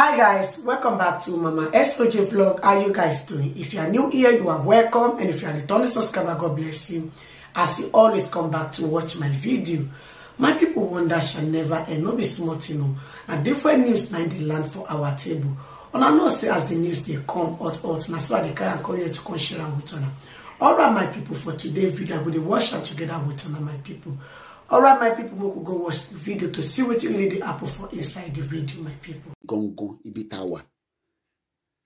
hi guys welcome back to mama soj vlog how you guys doing if you are new here you are welcome and if you are returning subscriber god bless you as you always come back to watch my video my people wonder shall never and no be smart, you know and different news now they land for our table and i know say as the news they come out out now so they can call you to come share with honor all right my people for today video i will watch out together with honor my people all right my people mo kò go watch the video to see what you really dey apple for inside the video my people. gangan ibi tá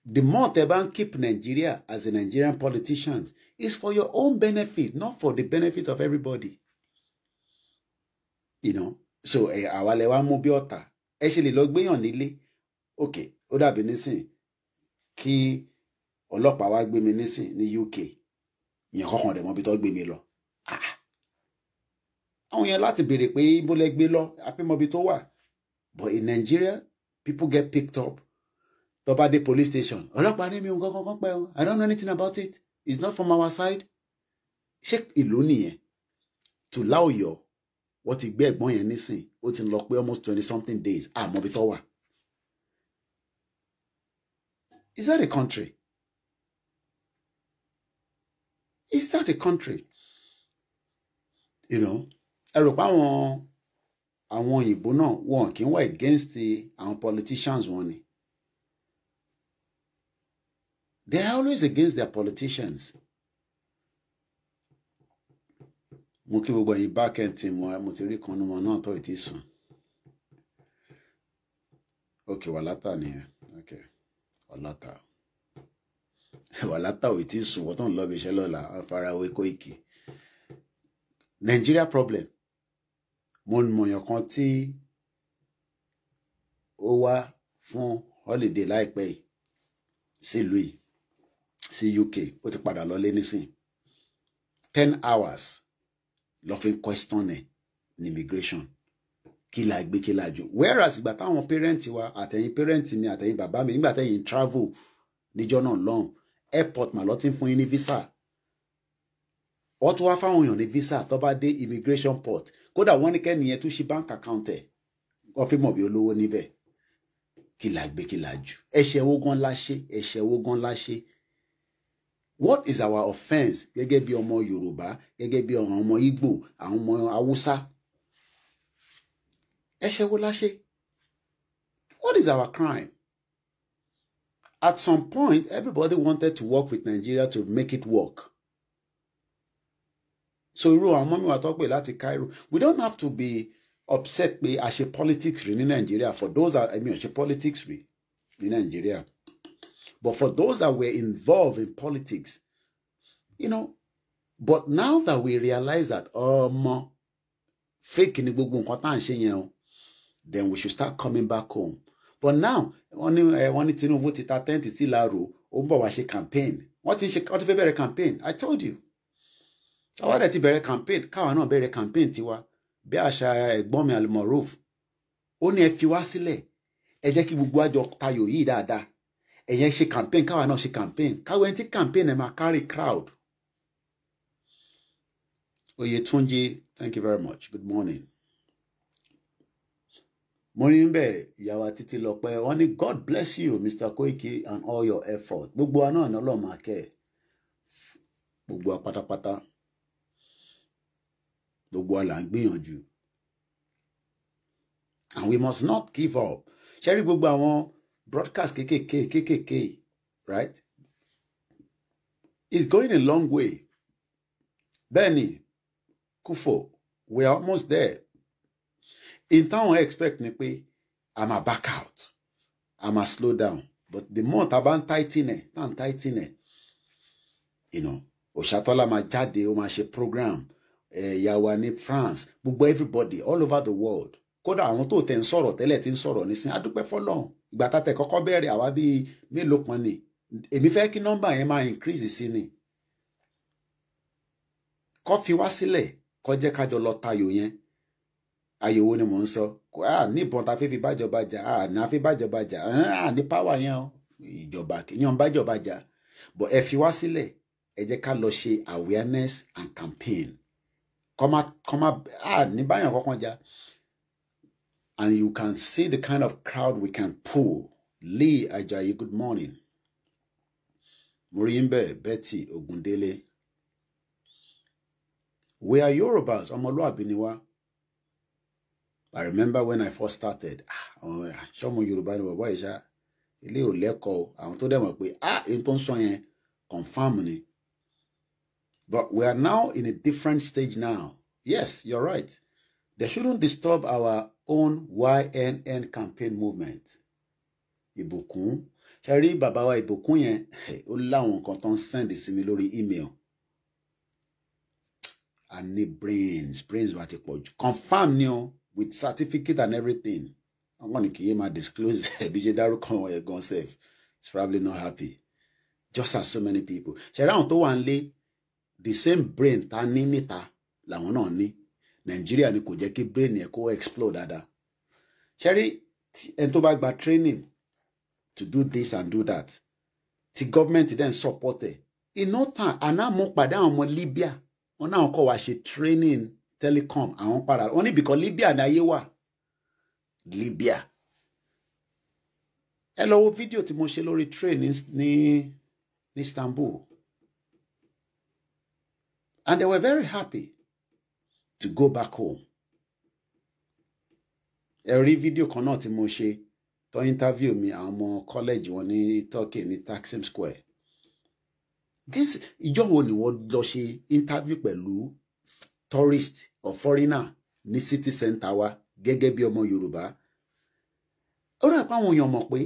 the more tẹ bá ń keep Nigeria as a Nigerian politician is for your own benefit not for the benefit of everybody you know so àwa lẹ wá mú bí ọ̀tá ẹ ṣe lè lọ gbéyàn nílé ok ó dàbí nísìn kí ọlọ́pàá UK yẹn kọkàn rẹ mọ bí tó ah àwọn yẹn láti béèrè pé ibo lẹ gbé lọ àfẹ́mọ́bi tó wà but in Nigeria people get picked up tó bá dé police station ọlọ́pàá ní mi ò kankan pẹ́ o I don't know anything about it it's not from our side ṣé ìlú nìyẹn tùlá Ọ̀yọ́ wọ́n ti gbé ẹ̀gbọ́n yẹn nísìn ó ti lọ pé almost twenty something days àmọ́bi tó wà. Is that a country? Is that a country? You know, ẹ rò pé àwọn àwọn òyìnbó náà wọn kì í wà against àwọn politicians wọn ni they are always against their politicians mo kí gbogbo ẹ̀yin back end team wa mo ti rí kan nínú wọn náà tó ti sùn ok wàlátà nìyẹn ok wàlátà wàlátà ò tí sùn wọ́n tó ń lọ ibi iṣẹ́ lọ́la afárawé Koiki Nigeria problem mo mọ̀yàn kan tí ó wá fún holiday láìpẹ́ yìí sílùú yìí sí UK ó ti padà lọlé nísìn ten hours lọ fi ń question ẹ ní immigration kí la gbé kí la jù whereas ìgbà táwọn parent wa àtẹ̀yìn parent mi àtẹ̀yìn bàbá mi nígbà tẹ̀yìn travel níjọ́ náà lọ́hùn airport mà lọ fún yín ní visa wọ́n tún wá fáwọn èèyàn ní visa tó bá dé immigration port kódà wọ́n ní kẹ́niyẹn tún ṣí bank account ẹ̀ wọ́n fi mọ̀ bí olówó níbẹ̀ kí la gbé kí la jù ẹ̀ṣẹ̀ owó gan la ṣe ẹ̀ṣẹ̀ owó gan la ṣe what is our offence gẹ́gẹ́ bí ọmọ Yorùbá gẹ́gẹ́ bí àwọn ọmọ Ìgbò àwọn ọmọ Haúsá ẹ̀ṣẹ̀ wo la ṣe what is our crime at some point everybody wanted to work with Nigeria to make it work so irú àwọn mọ́mí wa tó pè láti Cairo we don't have to be upset pé a ṣe politics rí ní Nàìjíríà for those that I mean ṣe politics rí ní Nàìjíríà but for those that were involved in politics you know but now that we realize that ọmọ um, fake ni gbogbo nǹkan tá à ń ṣe yẹn o then we should start coming back home but now wọ́n ní eh, wọ́n ní Tinubu ti ta tẹ́ǹtì sí laro ó ń bọ̀ wá ṣe campaign wọ́n ti ń ṣe wọ́n ti fẹ́ bẹ̀rẹ̀ campaign I told you àwa dẹ̀ ti bẹ̀rẹ̀ campaign káwa náà bẹ̀rẹ̀ campaign tiwa bí àṣà ẹ̀gbọ́n mi almoruf ó ní ẹ fi wá sílẹ̀ ẹ jẹ́ kí gbogbo àjọ tayò yìí dáadáa ẹ̀yẹn ṣe campaign káwa náà ṣe campaign káwa ẹni tí campaign ẹ̀ máa carry crowd. Oyetunji thank you very much good morning. mo ní bẹ́ẹ̀ ìyàwó títí lọ wọ́n ní God bless you Mr. Koiki and all your effort gbogbo wa náà ni ọlọ́run máa kẹ́ ẹ̀ gbogbo wa gbogbo àlà ń gbìyànjú and we must not give up ṣe rí gbogbo àwọn broadcast kékèké kékèké right it's going a long way bẹ́ẹ̀ni kúfò we are almost there in táwọn expect ni pé a máa back out a máa slow down but the more ta bá ń tighten ẹ̀ tá ń tighten ẹ̀ you know òṣàtọ́lá máa jade, ó máa ṣe program ẹ̀yà eh, wa ní France gbogbo everybody all over the world kódà àwọn tó tẹ̀ ń sọ̀rọ̀ tẹ́lẹ̀ tí ń sọ̀rọ̀ nísìn adúpẹ́ fọlọ́run ìgbà tá tẹ̀ kọ́kọ́ bẹ̀rẹ̀ àwa bíi mélòó kan ni èmi fẹ́ kí nọ́mbà yẹn máa increase sí ni kọ́ fi wá sílẹ̀ kọ́ jẹ́ kájọ lọ tayò yẹn àyèwò ni mò ń sọ à ní ìbọn ta fi fi bájọba jà à ní a fi bájọba jà à ní power yẹn o ìjọba kìíyàn bájọba jà bọ̀ ẹ fi wá sílẹ̀ ẹ jẹ́ ká lọ ṣe awareness and campaign kọ́má kọ́má à ní báyọ̀ kankan jà and you can see the kind of crowd we can pull Lee Ajayi good morning Morimbe Betty Ogundele we are Yorubas ọmọlúwàbí ni wá I remember when I first started ṣọmọ Yorùbá ni bàbá ìṣá ilé ò lẹ́kọ̀ọ́ àwọn tó dẹ̀ mọ̀ pé ah èyí tó ń sọ yẹn confam ni. But we are now in a different stage now. Yes, you're right. They shouldn't disturb our own YNN campaign movement. Ìbùkún ṣe Babawa bàbá wa ìbùkún yẹn ó send the mi email a ní brains brains wa ti pọ̀ jù confam with certificate and everything I'm ní kì í máa disclose ẹbí ṣe dárúkọ wọn yẹn gan sef it's probably not happy just as so many people ṣe on to tó wà the same brain ta ní níta làwọn náà ní nàìjíríà ni kò jẹ́ kí brain yẹn kó explode dáadáa ṣẹ́rí ẹni tó bá gba training to do this and do that ti government then support ẹ̀ iná tàn àná mo pàdé àwọn ọmọ Libya wọn náà kọ́ wa ṣe training telecom àwọn padà wọn níbi kan Libya ní ayé wà Libya ẹ lọ wo fídíò tí mo ṣe lórí train ní Istanbul And they were very happy to go back home. Every video cannot kan náà tí mo ṣe tó interview mi àwọn ọmọ kọ́lẹ́jì wọn ní Turkey ní Taksim Square. This ìjọ wo ni wọ́n lọ ṣe interview pẹ̀lú tourist or foreigner ní city center wa gẹ́gẹ́ bí ọmọ Yorùbá. Ó rẹ̀ pé àwọn èèyàn mọ̀ pé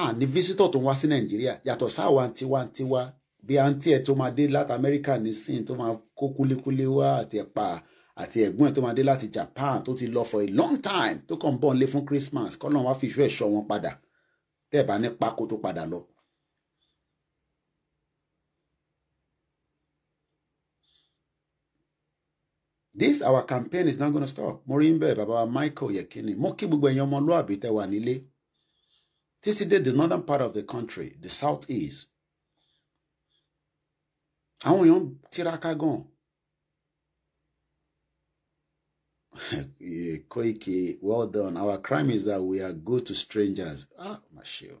a ní visitor tó ń wá sí Nàìjíríà yàtọ̀ sáà wa tiwa tiwa bí àǹtí ẹ̀ tó máa dé láti amẹ́ríkà nísìnyí tó máa kó kúlékúlé wá àti ẹ̀pà àti ẹ̀gbọ́n ẹ̀ tó máa dé láti japan tó ti lọ for a long time tó kàn ń bọ̀ nílé fún christmas kọ́ náà wá fi ìṣó ẹ̀ṣọ́ wọn padà tẹ́ ẹ̀ bá ní pákó tó padà lọ. this our campaign is not gonna stop mo rí michael yekini mo kí gbogbo ẹ̀yin ọmọlúàbí tẹ́ wà nílé títí dé the northern part of the country the south east àwọn èèyàn tiraka gan Koiki well done our crime is that we are good to strangers ah má ṣe o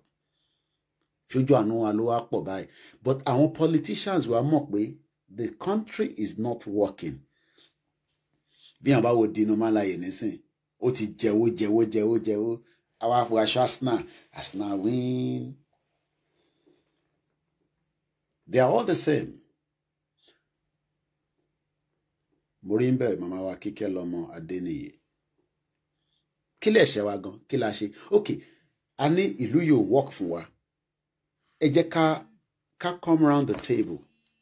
ṣojú àánú wa ló wá pọ̀ báyìí but àwọn politicians wa mọ̀ pé the country is not working bí àwọn bá wo Dino Melaye nísìn ó ti jẹ́wọ́ jẹ́wọ́ jẹ́wọ́ jẹ́wọ́ àwọn afurasí Arsenal Arsenal win they are all the same mo Mama wa kíkẹ́ lọ́mọ adẹ́niyè kí lè ṣe wa gan kí la ṣe ok a ní ìlú yóò work fún wa ẹ jẹ́ ká ká come round the table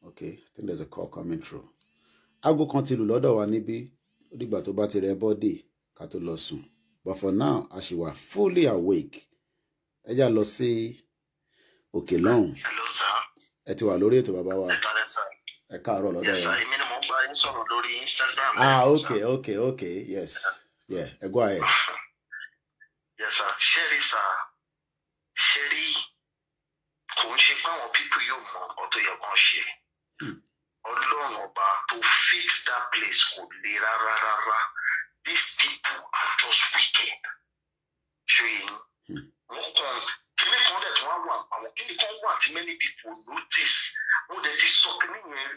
ok I think there's a call coming through aago kan ti lù lọ́dọ̀ wa níbí ó dìgbà tó bá ti rẹ bọ́dì ká tó lọ sùn but for now a ṣì wà fully awake ẹ já lọ sí òkè lọ́hùn ẹ ti wà lórí ètò bàbá wa ẹ káàárọ̀ lọ́dọ̀ yẹn. yes èmi ni mo bá yín sọ̀rọ̀ lórí instagram. ah okay okay okay yes yeah ẹ go ahead. yes sir ṣẹ́rí sir ṣẹ́rí kò ń ṣe pé àwọn pípọ̀ yóò mọ ọkọ tó yẹ kán ṣe hmm. ọlọ́run ọba to fix that place kò le rárá rárá these people are just wicked ṣé yín hmm. wọ́n kàn kíní kan dẹ̀ tí wọ́n wà àwọn kíní kan wà tí many people notice mo dẹ̀ ti sọ kínní yẹn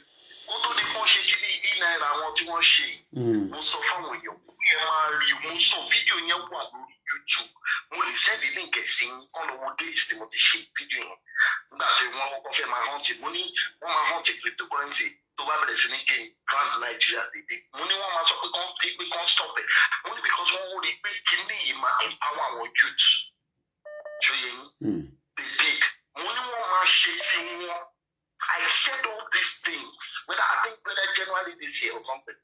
kó tó di kó ṣe kí ní ìdí náírà wọn tí wọ́n ṣe hmm. mo sọ fáwọn èèyàn ẹ máa rí i mo sọ fídíò yẹn wà lórí YouTube mo lè sẹ́ẹ̀dì líǹkì sí ọ̀nà wo days tí mo ti ṣe fídíò yẹn nígbà tí wọ́n kọ́ fẹ́ máa hàntì mo ní wọ́n máa hàntì cryptocurrency tó bá bẹ̀rẹ̀ sí ní gain grand Nigeria dédé mo ní wọ́n máa sọ pé kán pé kán stop ẹ̀ mo ní because wọ́n rí i pé kíní yìí máa empower àwọn youths ṣó yẹ yín hmm. they did mo ní wọ́n máa ṣe tí wọ́n said all these things, whether I think whether January this year or something,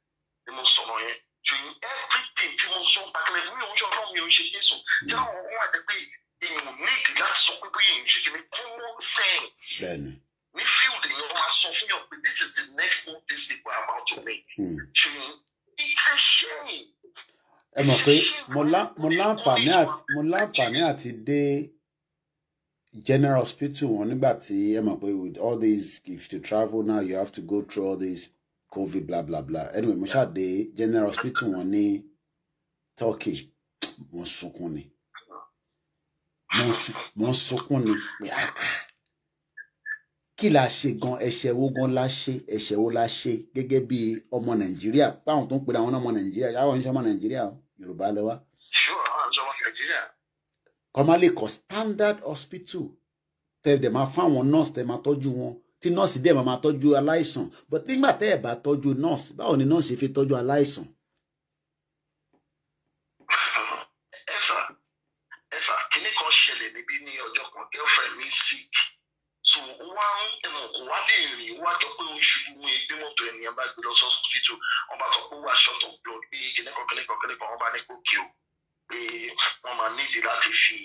the most someone during everything tí mo sọ pàtó mi ò ń sọ fún mi ò ń ṣe Jésù tí àwọn ohun àti pé èèyàn need láti sọ pé bóyá èèyàn ṣe kìíní common sense ní field èèyàn máa sọ fún yàn pé this is the next move these people are about to make ṣùgbọ́n hmm. it's a shame. ẹ mọ̀ pé mo láǹfààní àti dé general hospital wọn nígbà tí ẹ mọ̀ pé with all these if you travel now you have to go through all these covid bla bla bla anyway mo ṣàdé general hospital wọn ní turkey mo sunkún ni mo sunkún ni pé ah, ah, kí la ṣe gan ẹ̀ṣẹ̀ wo gan la ṣe ẹ̀ṣẹ̀ wo la ṣe gẹ́gẹ́ bí ọmọ nàìjíríà báwọn tó ń pera àwọn ọmọ nàìjíríà ṣáwọn ń ṣe ọmọ nàìjíríà yorùbá lẹwa. sure I'm from nàìjíríà kọ́ máa standard hospital tẹ́ dẹ̀ máa fáwọn nurse tẹ́ máa tọ́jú wọn tí nọ́ọ̀sì dẹ̀ máa tọ́jú aláìsàn but nígbà tẹ́ ẹ̀ bá tọ́jú nọ́ọ̀sì báwo ni nọ́ọ̀sì fi tọ́jú aláìsàn. ẹ sà ẹ sà kinní kan ṣẹlẹ̀ níbí ní ọjọ́ kan girlfriend mi sick so wá ń kò wá lè rìn wá jọ pé ó ṣubú mú ẹgbẹ́ mọ́tò ènìyàn bá gbé lọ sọ́sibítù wọ́n bá sọ pé ó wà short of blood bí kìnnìkan kìnnìkan kìnnìkan wọ́n bá ní kó kí o pé wọ́n máa nídìí láti fi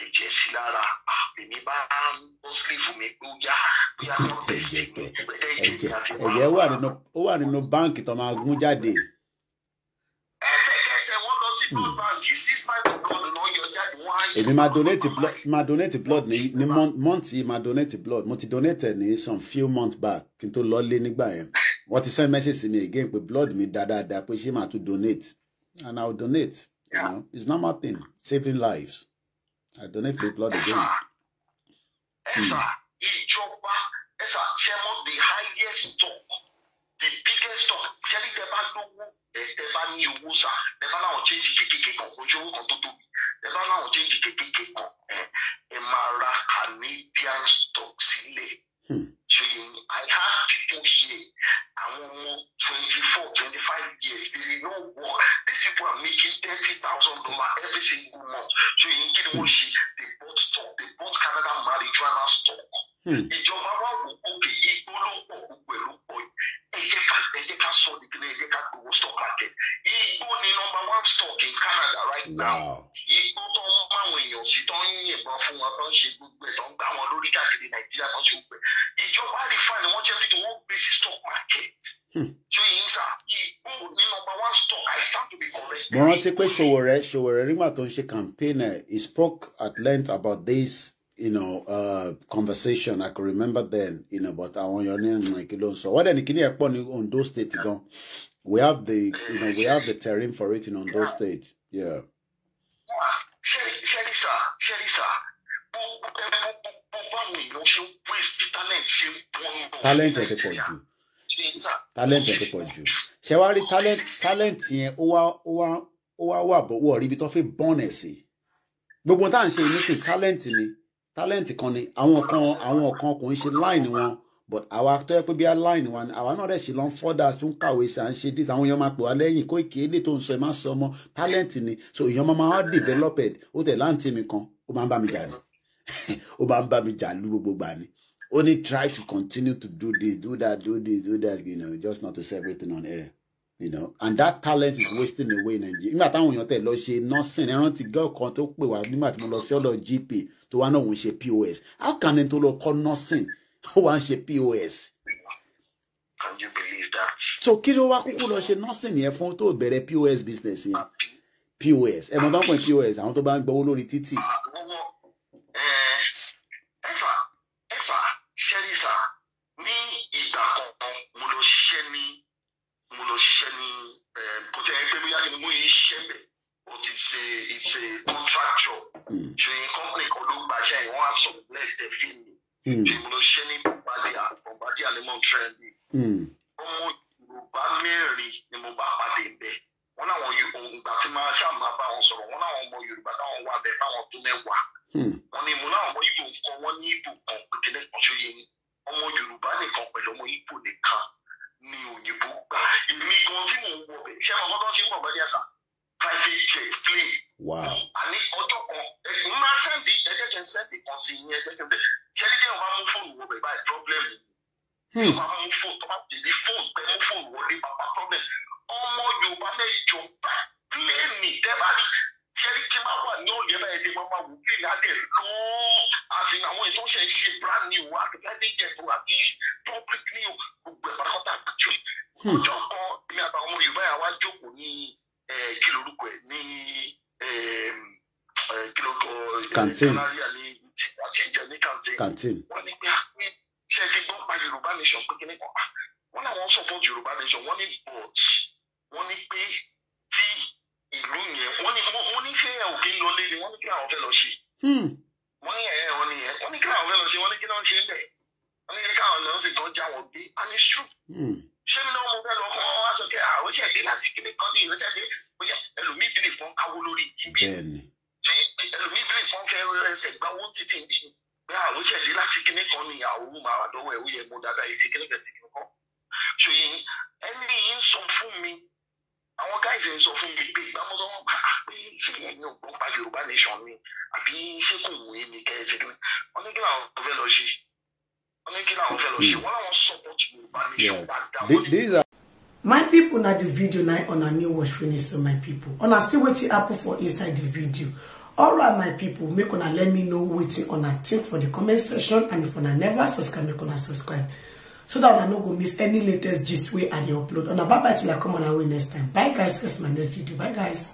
ẹ̀jẹ̀ sí lára èmi bá bọ́ sílífù mi pé ó yá bóyá wọ́n tẹ̀ sí mi ẹ̀jẹ̀ àti wàhálà. ẹ̀jẹ̀ wà nínú ó wà nínú báǹkì tó máa gún jáde. ẹsẹ̀kẹsẹ̀ wọ́n lọ sí blood bank six five blood náà yọ jáde wọ́n á yẹ. èmi máa donate blood máa donate blood ní ní month yìí máa donate blood mo ti donate ní some few months back kí n tó lọ lé nígbà yẹn wọ́n ti send message sí mi again pé blood mi dáadáa pé ṣé màá tún donate and I will donate. Yeah. You know, it's normal thing, saving lives. I donate the blood again. Ẹ̀sà ìjọba ẹ̀sà chairman the highest stock the biggest stock ṣẹ́ni tẹ bá lówó tẹ bá ní owó sá tẹ bá láwọn change kékeré kan ojú owó kan tó tóbi The bank láwọn change kékeré kan ẹ máa ra Canadian stock sílẹ̀. So hmm. you, I have people here making thirty thousand dollars every single month so èyí kí they bought stock they bought Canada marijuana stock. Hmm. ìjọba wa wò ókè igbó ló pọ̀ gbogbo ẹ̀ ló pọ̀ yìí ẹ jẹ́ ká sọ nìkan ẹ jẹ́ ká gbowó stock market igbó ni number one stock in Canada right now. Wow òsì tó ń yìnbọn fún wọn tó ń ṣe gbogbo ẹ̀ tó ń gbà wọn lórí káàkiri nàìjíríà tó ń ṣe gbogbo ẹ̀ ìjọba rìfáìnì wọn jẹ́ fídíò wọn gbé sí stock market ṣé yín sà ìgbó ní number one stock i stand to be correct. mo rántí pé Sowore Sowore rígbà tó ń ṣe campaign ẹ he spoke at length about this you know, uh, conversation. I can remember then, you know, but àwọn èèyàn ní like ló ń sọ. Wọ́n dẹ̀ ní kíní ẹ̀ pọ̀ ní Ondo We have the, you know, we have the terrain for it in Ondo yeah. state. Yeah ṣẹ́rí sà ṣẹ́rí sà gbogbo báwọn èèyàn ṣe ń waste talent ṣe ń bọ́n lọ. talent ẹ̀ ti pọ̀ jù talent ẹ̀ ti pọ̀ jù ṣe wá rí talent yẹn o wá o wá o wá wà bọ̀ wọ̀ rí ibi tó fi bọ́n ẹ̀ sí gbogbo tá à ń ṣe nísìn talent ni talent kan ni àwọn kan àwọn kan kò ń ṣe line wọn but àwa tó yẹ pé bí aláìní wa ni àwa náà rẹ̀ ṣe lọ ń fọ́dà tó ń kàwé sí à ń ṣe dé àwọn èèyàn máa pè wá lẹ́yìn kó ìkéyè lè tó ń sọ ẹ má sọ ọmọ talent ni so èèyàn máa máa developed ó tẹ̀ láǹtì mi kan ó máa ń bá mi jà ní ó máa ń bá mi jà lú gbogbo gbà ní ó ní try to continue to do this do that do this do that you know just not to say everything on air you know and that talent is wasting away in Nigeria nígbà táwọn èèyàn tẹ̀ lọ ṣe nursing ẹran ti gẹ́ ọ̀kan tó pè wá nígbà tí mo lọ sí ọ̀dọ̀ GP tó wá náà òun POS how can n tó lọ kọ́ ó wá ń ṣe pos. can you believe that. so kí ló wá kúkú lọ ṣe nursing yẹn fún tó bẹ̀rẹ̀ pos business yẹn pos ẹ̀ mọ̀ bá pọ̀ pos àwọn tó bá ń gbowó lórí títì. ẹ̀fà ẹ̀fà ṣẹ́rìṣà ní ìgbà kan mo lọ ṣiṣẹ́ ní mo lọ ṣiṣẹ́ ní eh, kò tẹ́ ẹ pé bóyá kí ni mo yìí ṣẹ́ bẹ̀ o ti ṣe it's a contractual ṣòyìn hmm. company kan ló gbàṣẹ́ ìwọ̀n àṣọ ṣe ní pàdé àpọ̀npàdé àlẹ́mọ̀ trendy. Hmm. ọmọ yorùbá mẹ́rin ni mo bá pàdé bẹ́ẹ̀ wọn làwọn ìgbà tí máa ṣáà bá wọn sọ̀rọ̀ wọn làwọn ọmọ yorùbá táwọn wà bẹ́ẹ̀ báwọn tó mẹ́wàá. Hmm. tí máa wà ní ọ̀lẹ́ báyìí lè máa wò pé lálẹ́ lọ́ àti àwọn ètò ṣe ṣe brand new àti láti ìjẹ̀bù àti public new gbogbo ẹ̀ pátákọ́tà àjọ hmm. ọjọ́ kan ní àbáwọn ọmọ yorùbá yà wá jókòó ní kí lorúkọ ẹ̀ ní kí lorúkọ kantin kantin wọ́n ní pé ah, ṣe ti gbọ́ pa yorùbá nation pé kí ni ah, wọ́n làwọn wọ́n ní but wọ́n ní ṣé ẹ ò kí ń lọlé ni wọ́n ní kí làwọn fẹ́ lọ ṣe. Hmm. wọ́n ní ẹ̀yẹ́ wọn nìyẹn wọ́n ní kí làwọn fẹ́ lọ ṣe wọ́n ní kí làwọn ṣe ń bẹ̀. wọ́n ní kí káwọn lọ sí tó já wọn gbé and it's true. ṣé mi náà mo fẹ́ lọ kọ́ wá sọ pé àwọn ṣẹ̀ dé láti kíní kan ní ìrẹsẹ̀ dé bóyá ẹlòmíì bí nìkan káwó lórí ìbí ẹlòmíì bí nìkan fẹ́ ẹsẹ̀ gbá owó títì yorùbá nation mi àbí ṣé kò mi kẹ́yẹ ti wọn ní kí làwọn fẹ́ lọ ṣe wọn ní kí làwọn fẹ́ lọ ṣe wọn làwọn support yorùbá nation padà. my people. Now the video na on a new watch finish so my pipo una see wetin happen for inside the video alright my people, make una let me know on a think for the comment section and if una never subscribe make una subscribe so that I no go miss any latest gist wey i the upload una bye bye till i come on our way next time bye guys catch my next video bye guys